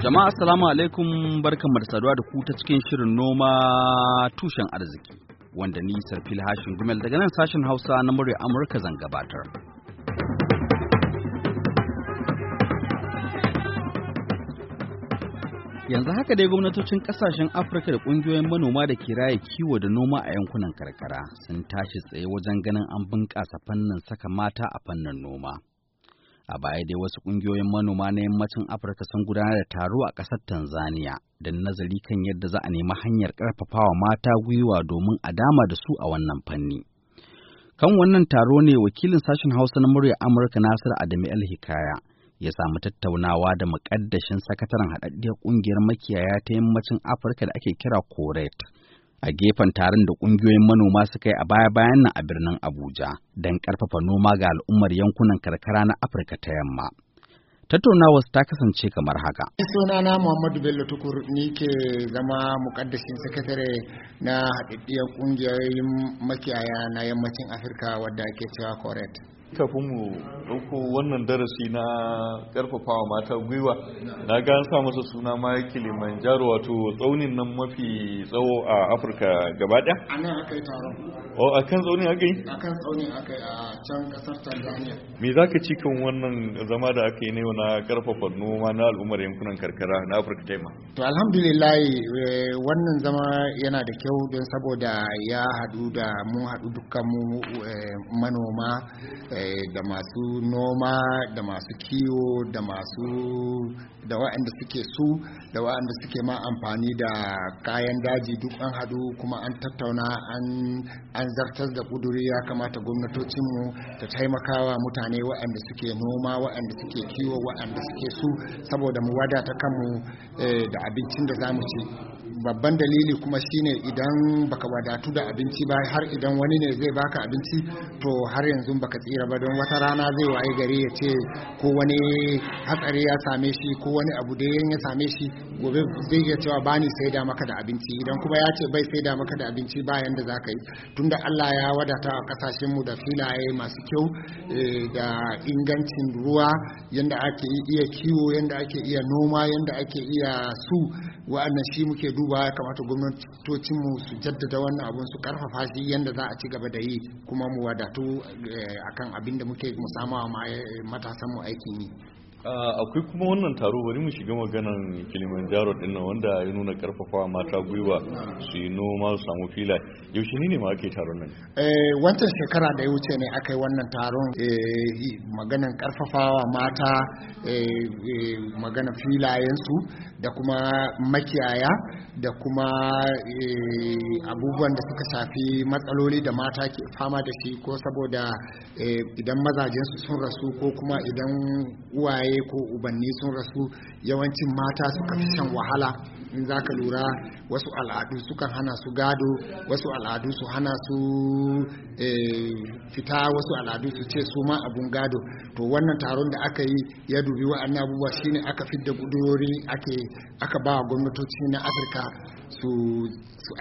Jama'a assalamu alaikum barkanmu da saduwa da ku ta cikin shirin noma tushen arziki wanda ni Sarfil Hashim Gumel daga nan sashen Hausa na murya Amurka zan gabatar. Yanzu haka dai gwamnatocin kasashen Afirka da kungiyoyin manoma da ke raya kiwo da noma a yankunan karkara sun tashi tsaye wajen ganin an bunƙasa fannin saka mata a fannin noma. A baya dai wasu ƙungiyoyin manoma na yammacin Afirka sun gudanar da taro a ƙasar Tanzania don nazari kan yadda za a nemi hanyar ƙarfafawa mata gwiwa domin a dama da su a wannan fanni. Kan wannan taro ne wakilin sashen Hausa na muryar Amurka Nasir Adami Hikaya ya samu tattaunawa da muƙaddashin sakataren haɗaɗɗiyar ƙungiyar makiyaya ta yammacin Afirka da ake kira Koret. a gefen taron da ƙungiyoyin manoma suka yi a baya-bayan nan a birnin Abuja don ƙarfafa noma ga al'ummar yankunan karkara na Afirka ta yamma. tattaunawa ta kasance kamar haka. Ni sunana muhammadu bello tukur ni ke zama mukaddashin sakatare na haɗaɗɗiyar ƙungiyoyin makiyaya na yammacin afirka wadda ake cewa coret kafin mu ɗauko wannan darasi na ƙarfafawa mata gwiwa na ga an sa masa suna ma kilimanjaro wato tsaunin nan mafi tsawo a afirka gaba ɗaya a nan aka yi taron o oh, a kan tsaunin aka yi a kan tsaunin aka yi a can ƙasar tanzania me za ka ci kan wannan zama da aka yi na na ƙarfafa noma na al'ummar yankunan karkara na afirka ta yamma to alhamdulillah eh, wannan zama yana da kyau don saboda ya haɗu da mu haɗu dukkan mu eh, manoma eh, Eh, da masu noma da masu kiwo da masu da wa'anda suke su da wa'anda suke ma amfani da kayan daji duk an hadu kuma an tattauna an zartar da kuduri ya kamata gwamnatocinmu ta taimakawa mutane wa'anda suke noma wa'anda suke kiwo wa'anda suke su saboda mu wadata kanmu eh, da abincin da zamu ci babban dalili kuma shine idan baka wadatu da abinci ba har idan wani ne zai baka abinci to har yanzu baka tsira ba don wata rana zai waye gari ya ce ko wani hatsari ya same shi ko wani abu da ya same shi gobe zai iya cewa bani sai da maka da abinci idan kuma ya ce bai sai da maka da abinci bayan da zaka yi tunda Allah ya wadata a kasashen mu da filaye masu kyau eh, da ingancin ruwa yanda ake iya kiwo yanda ake iya noma yanda ake iya su wa'annan shi muke duba ya kamata gwamnatocin mu su jaddada wannan abun su karfafa shi yanda za a ci gaba da yi kuma mu wadatu eh, akan abinda muke musamman matasanmu wa eh, matasan mu aikin yi Ah, akwai kuma wannan taro bari mu shiga maganan kilimanjaro din nan wanda ya nuna karfafawa mata gwiwa su yi noma su samu fila yaushe ne ma ake taron nan eh, wancan shekara da ya wuce ne aka yi wannan taron eh, maganan karfafawa mata eh, maganan filayensu da kuma makiyaya da kuma abubuwan da suka shafi matsaloli da mata ke fama da shi ko saboda idan mazajensu sun rasu ko kuma idan uwaye iyaye ko ubanni sun rasu yawancin mata suka fi shan wahala in za ka lura wasu al'adu sukan hana su gado wasu al'adu su hana su eh, fita wasu al'adu su ce su ma abun gado to wannan taron da aka yi ya dubi wa'annan abubuwa shine aka fidda gudurori ake aka ba gwamnatoci na afirka su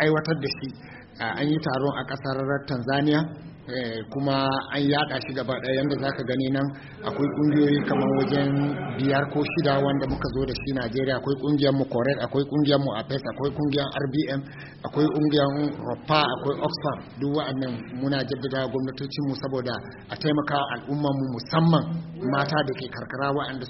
aiwatar da shi an yi taron a kasar tanzania Eh, kuma an yada shi gaba ɗaya yadda za ka gani nan akwai ƙungiyoyi kamar wajen biyar ko shida wanda muka zo da shi najeriya akwai ƙungiyar mu correct akwai ƙungiyar mu apes akwai kungiyar rbm akwai ƙungiyar ropa akwai oxfam duk wa'annan muna jaddada gwamnatocin mu saboda a taimaka al'ummar mu musamman mata da ke karkara wa'anda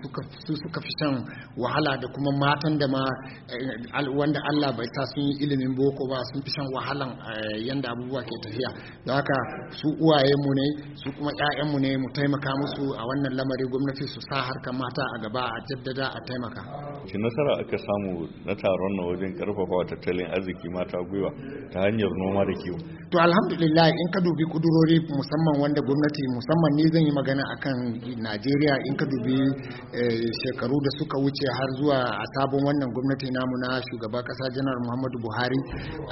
su suka fi shan wahala da kuma matan da ma eh, wanda Allah bai sa sun yi ilimin boko ba sun fi shan wahalan eh, yanda abubuwa ke tafiya da haka su su uwayenmu ne su kuma mu ne mu taimaka musu a wannan lamari gwamnati su sa harkar mata a gaba a jaddada a taimaka ki nasara aka samu na taron na wajen karfafa wa tattalin arziki mata gwiwa ta hanyar noma da kiwo to alhamdulillah in ka dubi kudurori musamman wanda gwamnati musamman ni zan yi magana akan najeriya in ka dubi eh, shekaru da suka wuce har zuwa a sabon wannan gwamnati namu na shugaba kasa janar muhammadu buhari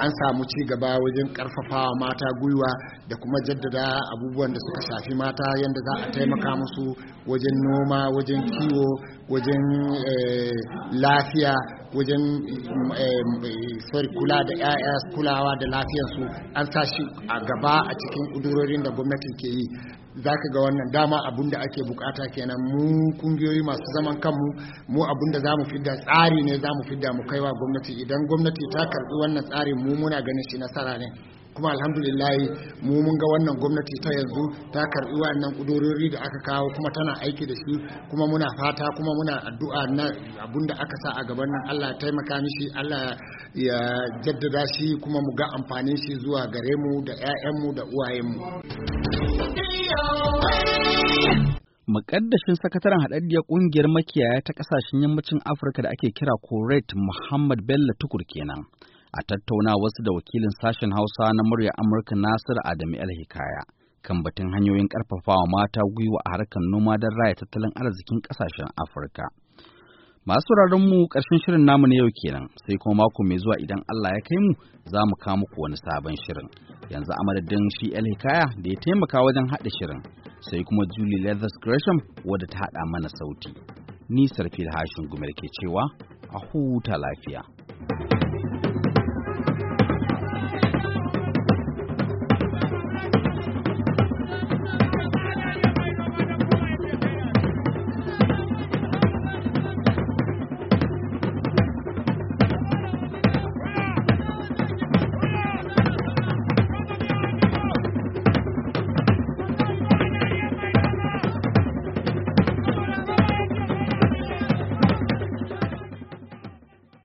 an samu ci gaba wajen karfafawa mata gwiwa da kuma jaddada da abubuwan da suka shafi mata yadda za a taimaka musu wajen noma wajen kiwo wajen eh, lafiya wajen eh, kula da 'ya'ya kulawa da lafiyarsu an sa a gaba a cikin ƙudurorin da gwamnati ke yi za ka ga wannan dama abun da ake bukata kenan mu kungiyoyi masu zaman kanmu mu abun da za mu fidda tsari ne za mu fidda mu kaiwa gwamnati idan gwamnati ta karbi wannan tsarin mu muna ganin shi nasara ne kuma alhamdulillahi mu mun ga wannan gwamnati ta yanzu ta karbi wannan kudurori da aka kawo kuma tana aiki da shi kuma muna fata kuma muna addu'a na abinda aka sa a gaban nan Allah ya taimaka mishi Allah ya jaddada shi kuma mu ga amfanin shi zuwa gare mu da mu da uwayen mu. Maƙaddashin sakataren haɗaɗɗiyar ƙungiyar makiyaya ta ƙasashen yammacin Afirka da ake kira Kuwait Muhammad Bello Tukur kenan. a tattauna wasu da wakilin sashen Hausa na murya Amurka Nasir Adamu El Hikaya kan batun hanyoyin ƙarfafawa mata gwiwa a harkar noma don raya tattalin arzikin ƙasashen Afirka. Masu mu ƙarshen shirin namu na yau kenan sai kuma mako mai zuwa idan Allah ya kai mu za mu kawo muku wani sabon shirin. Yanzu a madadin shi El Hikaya da ya taimaka wajen haɗa shirin sai kuma Julie Leathers Gresham wadda ta haɗa mana sauti. Ni Sarfil Hashin Gumar ke cewa a huta lafiya. thank you